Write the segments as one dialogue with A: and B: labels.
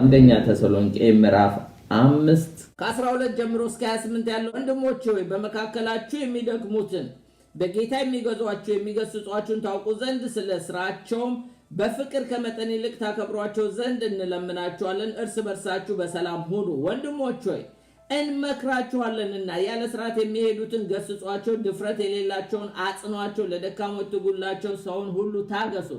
A: አንደኛ ተሰሎንቄ ምዕራፍ አምስት
B: ከ12 ጀምሮ እስከ 28 ያለው ወንድሞች ሆይ በመካከላችሁ የሚደክሙትን በጌታ የሚገዟቸው የሚገስጿችሁን ታውቁ ዘንድ ስለ ስራቸውም በፍቅር ከመጠን ይልቅ ታከብሯቸው ዘንድ እንለምናችኋለን። እርስ በርሳችሁ በሰላም ሁኑ። ወንድሞች ሆይ እንመክራችኋለንና ያለ ስርዓት የሚሄዱትን ገስጿቸው፣ ድፍረት የሌላቸውን አጽኗቸው፣ ለደካሞች ትጉላቸው፣ ሰውን ሁሉ ታገሱ።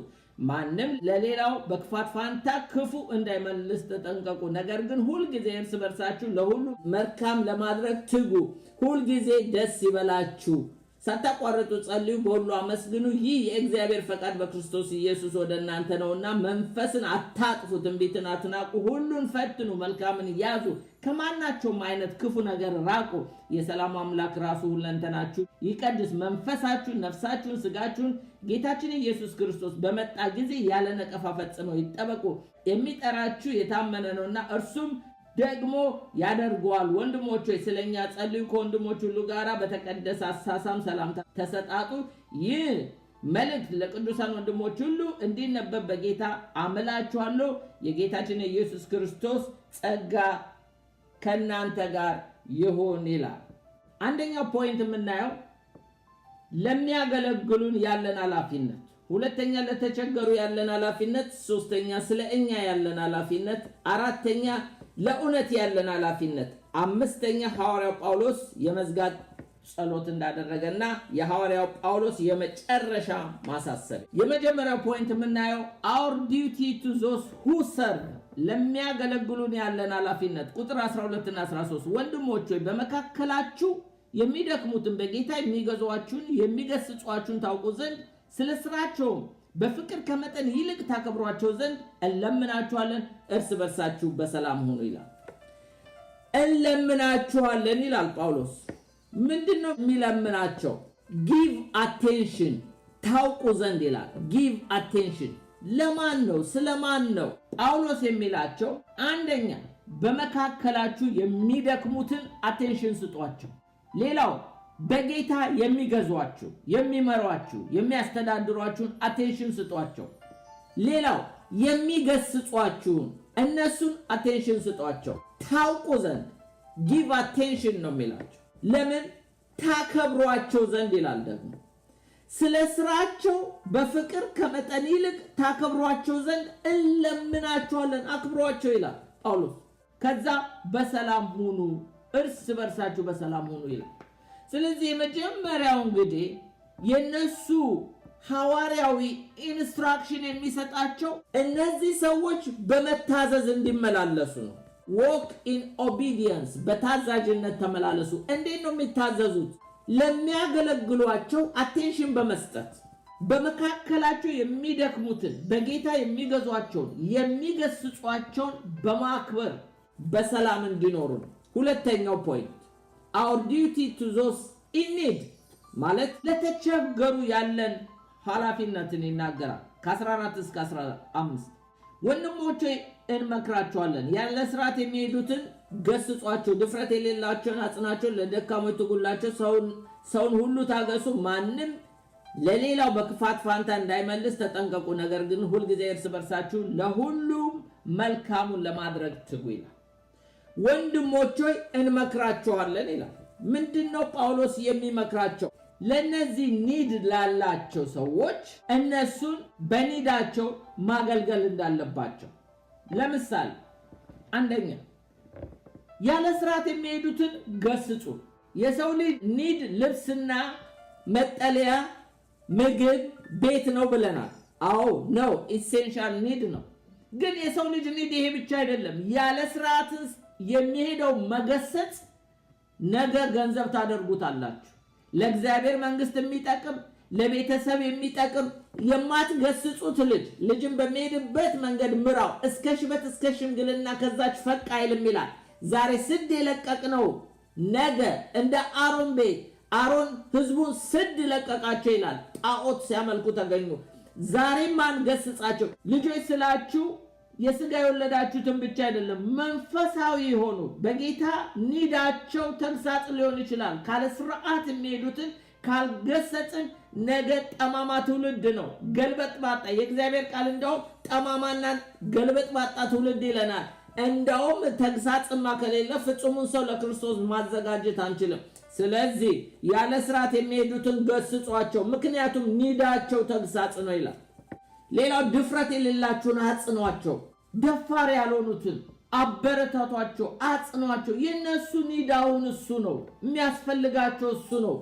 B: ማንም ለሌላው በክፋት ፋንታ ክፉ እንዳይመልስ ተጠንቀቁ። ነገር ግን ሁልጊዜ እርስ በርሳችሁ ለሁሉ መልካም ለማድረግ ትጉ። ሁልጊዜ ደስ ይበላችሁ። ሳታቋርጡ ጸልዩ፣ በሁሉ አመስግኑ። ይህ የእግዚአብሔር ፈቃድ በክርስቶስ ኢየሱስ ወደ እናንተ ነውና። መንፈስን አታጥፉ፣ ትንቢትን አትናቁ፣ ሁሉን ፈትኑ፣ መልካምን ያዙ፣ ከማናቸውም አይነት ክፉ ነገር ራቁ። የሰላም አምላክ ራሱ ሁለንተናችሁ ይቀድስ፣ መንፈሳችሁን፣ ነፍሳችሁን፣ ስጋችሁን ጌታችን ኢየሱስ ክርስቶስ በመጣ ጊዜ ያለ ነቀፋ ፈጽመው ይጠበቁ። የሚጠራችሁ የታመነ ነውና እርሱም ደግሞ ያደርገዋል። ወንድሞች ሆይ ስለኛ ጸልዩ፣ ከወንድሞች ሁሉ ጋራ በተቀደሰ አሳሳም ሰላምታ ተሰጣጡ። ይህ መልእክት ለቅዱሳን ወንድሞች ሁሉ እንዲነበብ በጌታ አምላችኋለሁ። የጌታችን የኢየሱስ ክርስቶስ ጸጋ ከእናንተ ጋር ይሁን ይላል። አንደኛው ፖይንት የምናየው ለሚያገለግሉን ያለን ኃላፊነት፣ ሁለተኛ ለተቸገሩ ያለን ኃላፊነት፣ ሶስተኛ ስለ እኛ ያለን ኃላፊነት፣ አራተኛ ለእውነት ያለን ኃላፊነት። አምስተኛ ሐዋርያው ጳውሎስ የመዝጋት ጸሎት እንዳደረገና የሐዋርያው ጳውሎስ የመጨረሻ ማሳሰብ። የመጀመሪያው ፖይንት የምናየው አውር ዲዩቲ ቱ ዞስ ሁ ሰርቭ ለሚያገለግሉን ያለን ኃላፊነት ቁጥር 12 እና 13 ወንድሞች ሆይ በመካከላችሁ የሚደክሙትን በጌታ የሚገዟችሁን የሚገስጿችሁን ታውቁ ዘንድ ስለ ስራቸውም በፍቅር ከመጠን ይልቅ ታከብሯቸው ዘንድ እንለምናችኋለን፣ እርስ በርሳችሁ በሰላም ሆኑ ይላል። እንለምናችኋለን ይላል ጳውሎስ። ምንድን ነው የሚለምናቸው? ጊቭ አቴንሽን ታውቁ ዘንድ ይላል። ጊቭ አቴንሽን ለማን ነው? ስለማን ነው ጳውሎስ የሚላቸው? አንደኛ በመካከላችሁ የሚደክሙትን አቴንሽን ስጧቸው። ሌላው በጌታ የሚገዟችሁ የሚመሯችሁ የሚያስተዳድሯችሁን አቴንሽን ስጧቸው። ሌላው የሚገስጿችሁን እነሱን አቴንሽን ስጧቸው። ታውቁ ዘንድ ጊቭ አቴንሽን ነው የሚላቸው። ለምን ታከብሯቸው ዘንድ ይላል ደግሞ ስለ ስራቸው በፍቅር ከመጠን ይልቅ ታከብሯቸው ዘንድ እንለምናቸዋለን። አክብሯቸው ይላል ጳውሎስ። ከዛ በሰላም ሁኑ፣ እርስ በርሳችሁ በሰላም ሁኑ ይላል። ስለዚህ የመጀመሪያው እንግዲህ የነሱ ሐዋርያዊ ኢንስትራክሽን የሚሰጣቸው እነዚህ ሰዎች በመታዘዝ እንዲመላለሱ ነው። ዎክ ኢን ኦቢዲየንስ፣ በታዛዥነት ተመላለሱ። እንዴት ነው የሚታዘዙት? ለሚያገለግሏቸው አቴንሽን በመስጠት በመካከላቸው የሚደክሙትን በጌታ የሚገዟቸውን የሚገስጿቸውን በማክበር በሰላም እንዲኖሩ ነው። ሁለተኛው ፖይንት አውር ዲዩቲ ቱ ዞስ ኢን ማለት ለተቸገሩ ያለን ኃላፊነትን ይናገራል። ከ14 እስከ 15 ወንድሞቼ እንመክራቸዋለን ያለ ስርዓት የሚሄዱትን ገስጿቸው፣ ድፍረት የሌላቸውን አጽናቸው፣ ለደካሞች ትጉላቸው፣ ሰውን ሁሉ ታገሱ፣ ማንም ለሌላው በክፋት ፋንታ እንዳይመልስ ተጠንቀቁ። ነገር ግን ሁልጊዜ እርስ በርሳችሁ ለሁሉም መልካሙን ለማድረግ ትጉ ይላል። ወንድሞች ሆይ እንመክራቸዋለን ይላል። ምንድን ነው ጳውሎስ የሚመክራቸው? ለእነዚህ ኒድ ላላቸው ሰዎች እነሱን በኒዳቸው ማገልገል እንዳለባቸው። ለምሳሌ አንደኛ ያለ ስርዓት የሚሄዱትን ገስጹ። የሰው ልጅ ኒድ ልብስና መጠለያ፣ ምግብ፣ ቤት ነው ብለናል። አዎ ነው፣ ኢሴንሻል ኒድ ነው። ግን የሰው ልጅ ንድ ይሄ ብቻ አይደለም። ያለ ስርዓት የሚሄደው መገሰጽ ነገ ገንዘብ ታደርጉታላችሁ። ለእግዚአብሔር መንግስት የሚጠቅም ለቤተሰብ የሚጠቅም የማትገስጹት ልጅ ልጅን በሚሄድበት መንገድ ምራው፣ እስከ ሽበት እስከ ሽምግልና ከዛች ፈቅ አይልም ይላል። ዛሬ ስድ የለቀቅ ነው ነገ እንደ አሮን ቤት አሮን ህዝቡን ስድ ለቀቃቸው ይላል። ጣዖት ሲያመልኩ ተገኙ። ዛሬም አንገስጻቸው ልጆች ስላችሁ የስጋ የወለዳችሁትን ብቻ አይደለም፣ መንፈሳዊ የሆኑ በጌታ ኒዳቸው ተግሳጽ ሊሆን ይችላል። ካለ ስርዓት የሚሄዱትን ካልገሰጽን ነገ ጠማማ ትውልድ ነው፣ ገልበጥ ባጣ። የእግዚአብሔር ቃል እንደውም ጠማማና ገልበጥ ባጣ ትውልድ ይለናል። እንደውም ተግሳጽማ ከሌለ ፍጹሙን ሰው ለክርስቶስ ማዘጋጀት አንችልም። ስለዚህ ያለ ስርዓት የሚሄዱትን ገስጿቸው፣ ምክንያቱም ኒዳቸው ተግሳጽ ነው ይላል። ሌላው ድፍረት የሌላችሁን አጽኗቸው፣ ደፋር ያልሆኑትን አበረታቷቸው፣ አጽኗቸው። የነሱ ኒዳውን እሱ ነው የሚያስፈልጋቸው፣ እሱ ነው።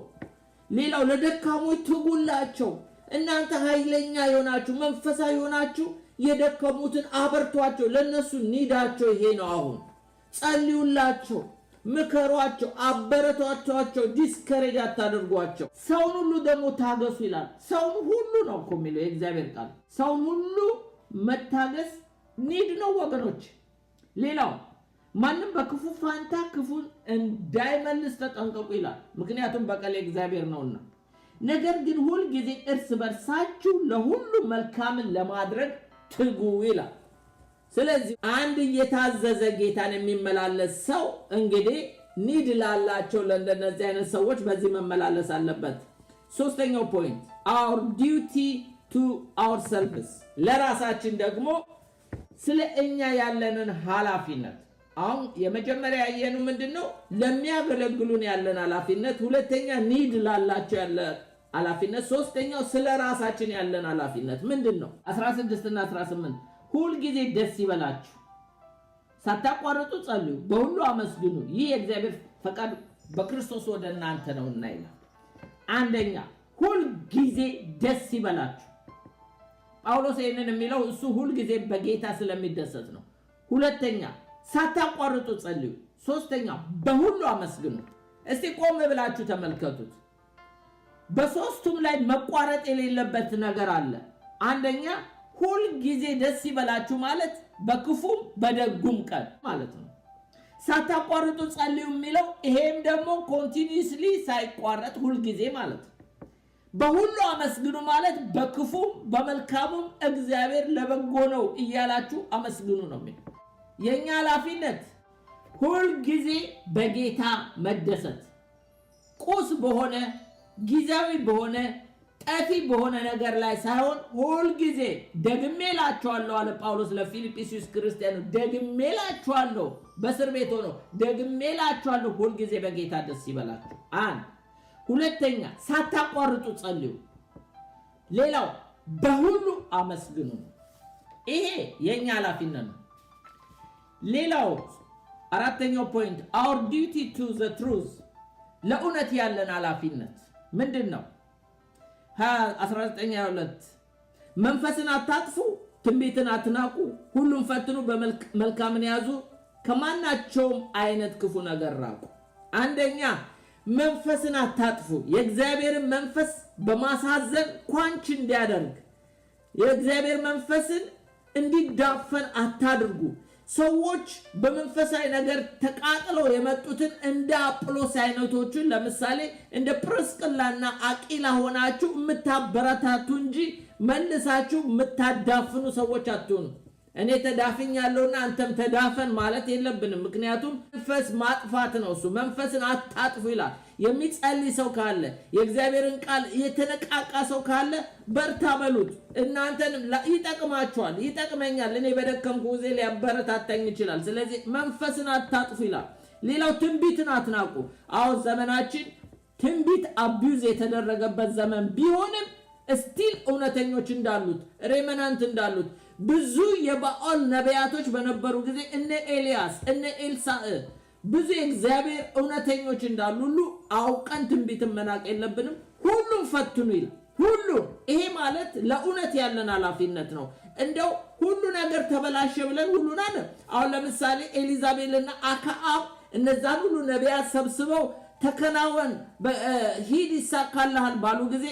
B: ሌላው ለደካሞች ትጉላቸው። እናንተ ኃይለኛ የሆናችሁ መንፈሳዊ የሆናችሁ የደከሙትን አበርቷቸው። ለእነሱ ኒዳቸው ይሄ ነው። አሁን ጸልዩላቸው። ምከሯቸው፣ አበረቷቸዋቸው፣ ዲስከሬጅ አታደርጓቸው። ሰውን ሁሉ ደግሞ ታገሱ ይላል። ሰውን ሁሉ ነው እኮ የሚለው የእግዚአብሔር ቃል። ሰውን ሁሉ መታገስ ኒድ ነው ወገኖች። ሌላው ማንም በክፉ ፋንታ ክፉን እንዳይመልስ ተጠንቀቁ ይላል። ምክንያቱም በቀል እግዚአብሔር ነውና። ነገር ግን ሁልጊዜ እርስ በርሳችሁ ለሁሉ መልካምን ለማድረግ ትጉ ይላል። ስለዚህ አንድ የታዘዘ ጌታን የሚመላለስ ሰው እንግዲህ ኒድ ላላቸው ለእንደነዚህ አይነት ሰዎች በዚህ መመላለስ አለበት። ሶስተኛው ፖይንት አወር ዲቲ ቱ አወር ለራሳችን ደግሞ ስለ እኛ ያለንን ሀላፊነት አሁን የመጀመሪያ ያየኑ ምንድን ነው? ለሚያገለግሉን ያለን ኃላፊነት፣ ሁለተኛ ኒድ ላላቸው ያለ ኃላፊነት፣ ሶስተኛው ስለ ራሳችን ያለን ኃላፊነት ምንድን ነው? 16 እና 18 ሁልጊዜ ደስ ይበላችሁ፣ ሳታቋርጡ ጸልዩ፣ በሁሉ አመስግኑ፣ ይህ የእግዚአብሔር ፈቃድ በክርስቶስ ወደ እናንተ ነውና ይላል። አንደኛ ሁልጊዜ ደስ ይበላችሁ። ጳውሎስ ይህንን የሚለው እሱ ሁልጊዜ በጌታ ስለሚደሰት ነው። ሁለተኛ ሳታቋርጡ ጸልዩ። ሶስተኛ በሁሉ አመስግኑ። እስቲ ቆም ብላችሁ ተመልከቱት። በሶስቱም ላይ መቋረጥ የሌለበት ነገር አለ። አንደኛ ሁል ጊዜ ደስ ይበላችሁ ማለት በክፉም በደጉም ቀን ማለት ነው። ሳታቋርጡ ጸልዩ የሚለው ይሄም ደግሞ ኮንቲኒስሊ ሳይቋረጥ ሁልጊዜ ማለት ነው። በሁሉ አመስግኑ ማለት በክፉም በመልካሙም እግዚአብሔር ለበጎ ነው እያላችሁ አመስግኑ ነው የሚለው። የእኛ ኃላፊነት ሁልጊዜ በጌታ መደሰት ቁስ በሆነ ጊዜያዊ በሆነ ጠፊ በሆነ ነገር ላይ ሳይሆን ሁልጊዜ ደግሜ ላችኋለሁ አለ ጳውሎስ ለፊልጵስዩስ ክርስቲያኑ። ደግሜ ላችኋለሁ፣ በእስር ቤት ሆኖ ደግሜ ላችኋለሁ፣ ሁልጊዜ በጌታ ደስ ይበላችሁ። አንድ ሁለተኛ፣ ሳታቋርጡ ጸልዩ። ሌላው በሁሉ አመስግኑ። ይሄ የእኛ ኃላፊነት ነው። ሌላው አራተኛው ፖይንት አወር ቲ ቱ ዘ ትሩዝ ለእውነት ያለን ኃላፊነት ምንድን ነው? 1922 መንፈስን አታጥፉ፣ ትንቢትን አትናቁ፣ ሁሉም ፈትኑ፣ መልካምን ያዙ፣ ከማናቸውም አይነት ክፉ ነገር ራቁ። አንደኛ መንፈስን አታጥፉ። የእግዚአብሔርን መንፈስ በማሳዘን ኳንች እንዲያደርግ የእግዚአብሔር መንፈስን እንዲዳፈን አታድርጉ። ሰዎች በመንፈሳዊ ነገር ተቃጥለው የመጡትን እንደ አጵሎስ አይነቶችን ለምሳሌ እንደ ፕርስቅላና አቂላ ሆናችሁ የምታበረታቱ እንጂ መልሳችሁ የምታዳፍኑ ሰዎች አትሆኑ። እኔ ተዳፍኛለሁና አንተም ተዳፈን ማለት የለብንም። ምክንያቱም መንፈስ ማጥፋት ነው። እሱ መንፈስን አታጥፉ ይላል። የሚጸልይ ሰው ካለ የእግዚአብሔርን ቃል የተነቃቃ ሰው ካለ በርታ በሉት። እናንተንም ይጠቅማችኋል፣ ይጠቅመኛል። እኔ በደከምኩ ጊዜ ሊያበረታታኝ ይችላል። ስለዚህ መንፈስን አታጥፉ ይላል። ሌላው ትንቢትን አትናቁ። አሁን ዘመናችን ትንቢት አቢዩዝ የተደረገበት ዘመን ቢሆንም ስቲል እውነተኞች እንዳሉት ሬመናንት እንዳሉት ብዙ የባዓል ነቢያቶች በነበሩ ጊዜ እነ ኤልያስ እነ ኤልሳዕ ብዙ የእግዚአብሔር እውነተኞች እንዳሉ ሁሉ አውቀን ትንቢትን መናቅ የለብንም። ሁሉም ፈትኑ ይላል። ሁሉም ይሄ ማለት ለእውነት ያለን ኃላፊነት ነው። እንደው ሁሉ ነገር ተበላሸ ብለን ሁሉን አለ። አሁን ለምሳሌ ኤሊዛቤልና አክዓብ እነዛን ሁሉ ነቢያት ሰብስበው ተከናወን፣ ሂድ፣ ይሳካልሃል ባሉ ጊዜ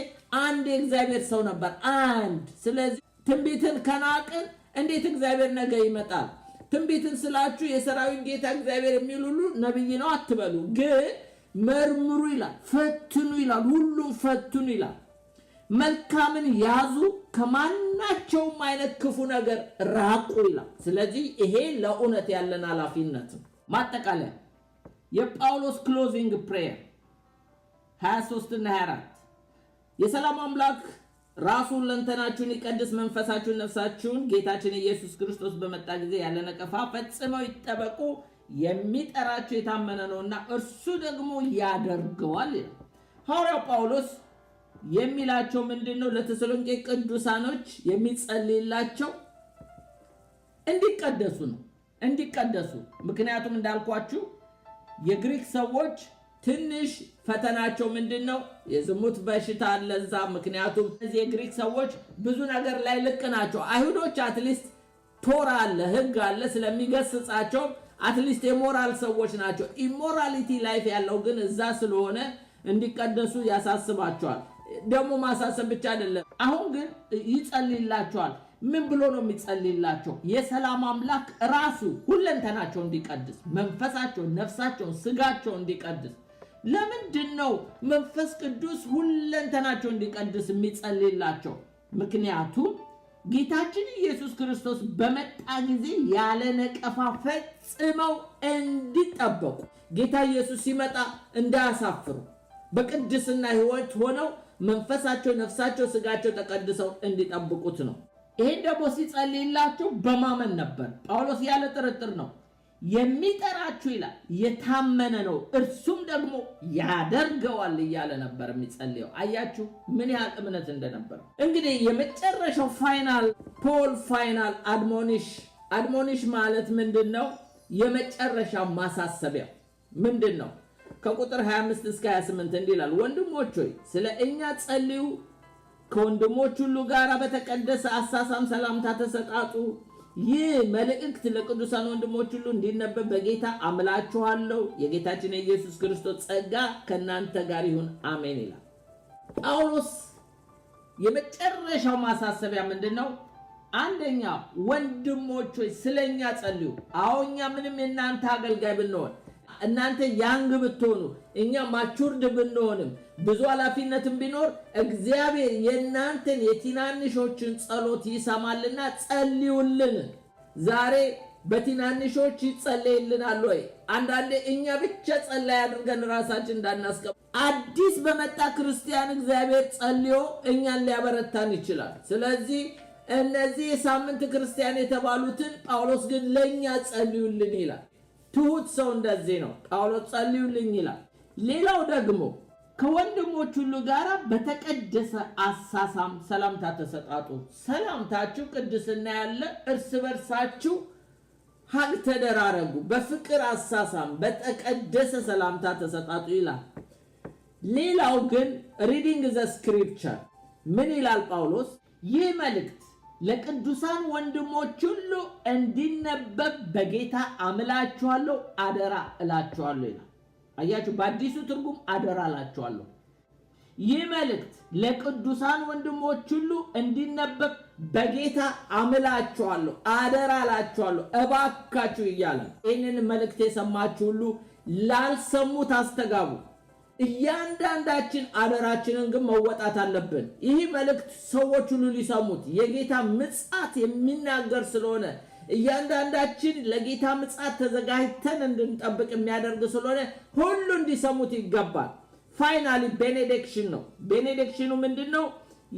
B: አንድ የእግዚአብሔር ሰው ነበር አንድ። ስለዚህ ትንቢትን ከናቅን እንዴት እግዚአብሔር ነገ ይመጣል? ትንቢትን ስላችሁ የሰራዊት ጌታ እግዚአብሔር የሚል ሁሉ ነብይ ነው አትበሉ። ግን መርምሩ ይላል፣ ፈትኑ ይላል፣ ሁሉም ፈትኑ ይላል። መልካምን ያዙ፣ ከማናቸውም አይነት ክፉ ነገር ራቁ ይላል። ስለዚህ ይሄ ለእውነት ያለን ኃላፊነት ነው። ማጠቃለያ የጳውሎስ ክሎዚንግ ፕሬየር 23 እና 24 የሰላም አምላክ ራሱን ለንተናችሁን ይቀድስ መንፈሳችሁን ነፍሳችሁን ጌታችን ኢየሱስ ክርስቶስ በመጣ ጊዜ ያለ ነቀፋ ፈጽመው ይጠበቁ የሚጠራቸው የታመነ ነውና እርሱ ደግሞ ያደርገዋል ይላል ሐዋርያው ጳውሎስ የሚላቸው ምንድን ነው ለተሰሎንቄ ቅዱሳኖች የሚጸልይላቸው እንዲቀደሱ ነው እንዲቀደሱ ምክንያቱም እንዳልኳችሁ የግሪክ ሰዎች ትንሽ ፈተናቸው ምንድን ነው? የዝሙት በሽታ አለ እዛ። ምክንያቱም እነዚህ የግሪክ ሰዎች ብዙ ነገር ላይ ልቅ ናቸው። አይሁዶች አትሊስት ቶራ አለ፣ ህግ አለ ስለሚገስጻቸው አትሊስት የሞራል ሰዎች ናቸው። ኢሞራሊቲ ላይፍ ያለው ግን እዛ ስለሆነ እንዲቀደሱ ያሳስባቸዋል። ደግሞ ማሳሰብ ብቻ አይደለም፣ አሁን ግን ይጸልይላቸዋል። ምን ብሎ ነው የሚጸልይላቸው? የሰላም አምላክ ራሱ ሁለንተናቸው እንዲቀድስ፣ መንፈሳቸውን፣ ነፍሳቸውን፣ ስጋቸው እንዲቀድስ ለምንድን ነው መንፈስ ቅዱስ ሁለንተናቸው እንዲቀድስ የሚጸልይላቸው? ምክንያቱም ጌታችን ኢየሱስ ክርስቶስ በመጣ ጊዜ ያለ ነቀፋ ፈጽመው እንዲጠበቁ ጌታ ኢየሱስ ሲመጣ እንዳያሳፍሩ በቅድስና ሕይወት ሆነው መንፈሳቸው፣ ነፍሳቸው፣ ስጋቸው ተቀድሰው እንዲጠብቁት ነው። ይህን ደግሞ ሲጸልይላቸው በማመን ነበር። ጳውሎስ ያለ ጥርጥር ነው የሚጠራችሁ ይላል የታመነ ነው እርሱም ደግሞ ያደርገዋል እያለ ነበር የሚጸልየው። አያችሁ ምን ያህል እምነት እንደነበረ። እንግዲህ የመጨረሻው ፋይናል ፖል ፋይናል አድሞኒሽ አድሞኒሽ ማለት ምንድን ነው? የመጨረሻው ማሳሰቢያ ምንድን ነው? ከቁጥር 25 እስከ 28 እንዲህ ይላል፣ ወንድሞች ሆይ ስለ እኛ ጸልዩ፣ ከወንድሞች ሁሉ ጋር በተቀደሰ አሳሳም ሰላምታ ተሰጣጡ። ይህ መልእክት ለቅዱሳን ወንድሞች ሁሉ እንዲነበብ በጌታ አምላችኋለሁ። የጌታችን የኢየሱስ ክርስቶስ ጸጋ ከእናንተ ጋር ይሁን አሜን ይላል ጳውሎስ። የመጨረሻው ማሳሰቢያ ምንድን ነው? አንደኛ ወንድሞች ሆይ ስለኛ ጸልዩ። አዎኛ ምንም የእናንተ አገልጋይ ብንሆን እናንተ ያንግ ብትሆኑ እኛ ማቹርድ ብንሆንም ብዙ ኃላፊነትም ቢኖር እግዚአብሔር የእናንተን የትናንሾችን ጸሎት ይሰማልና ጸልዩልን። ዛሬ በትናንሾች ይጸለይልናል ወይ? አንዳንዴ እኛ ብቻ ጸላይ አድርገን ራሳችን እንዳናስቀ አዲስ በመጣ ክርስቲያን እግዚአብሔር ጸልዮ እኛን ሊያበረታን ይችላል። ስለዚህ እነዚህ የሳምንት ክርስቲያን የተባሉትን ጳውሎስ ግን ለእኛ ጸልዩልን ይላል። ትሁት ሰው እንደዚህ ነው። ጳውሎስ ጸልዩልኝ ይላል። ሌላው ደግሞ ከወንድሞች ሁሉ ጋር በተቀደሰ አሳሳም ሰላምታ ተሰጣጡ። ሰላምታችሁ ቅድስና ያለ እርስ በርሳችሁ ሀግ ተደራረጉ፣ በፍቅር አሳሳም በተቀደሰ ሰላምታ ተሰጣጡ ይላል። ሌላው ግን ሪዲንግ ዘ ስክሪፕቸር ምን ይላል ጳውሎስ? ይህ መልእክት ለቅዱሳን ወንድሞች ሁሉ እንዲነበብ በጌታ አምላችኋለሁ አደራ እላችኋለሁ ይላል። አያችሁ፣ በአዲሱ ትርጉም አደራ እላችኋለሁ። ይህ መልእክት ለቅዱሳን ወንድሞች ሁሉ እንዲነበብ በጌታ አምላችኋለሁ አደራ እላችኋለሁ እባካችሁ እያለ ይህንን መልእክት የሰማችሁ ሁሉ ላልሰሙት አስተጋቡ። እያንዳንዳችን አደራችንን ግን መወጣት አለብን። ይህ መልእክት ሰዎች ሁሉ ሊሰሙት የጌታ ምጽአት የሚናገር ስለሆነ እያንዳንዳችን ለጌታ ምጽአት ተዘጋጅተን እንድንጠብቅ የሚያደርግ ስለሆነ ሁሉ እንዲሰሙት ይገባል። ፋይናሊ ቤኔዲክሽን ነው። ቤኔዲክሽኑ ምንድን ነው?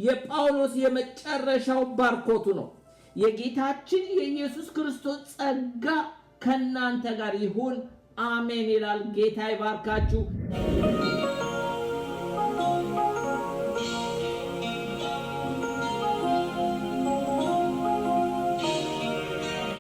B: የጳውሎስ የመጨረሻው ባርኮቱ ነው። የጌታችን የኢየሱስ ክርስቶስ ጸጋ ከእናንተ ጋር ይሁን፣ አሜን ይላል። ጌታ ይባርካችሁ።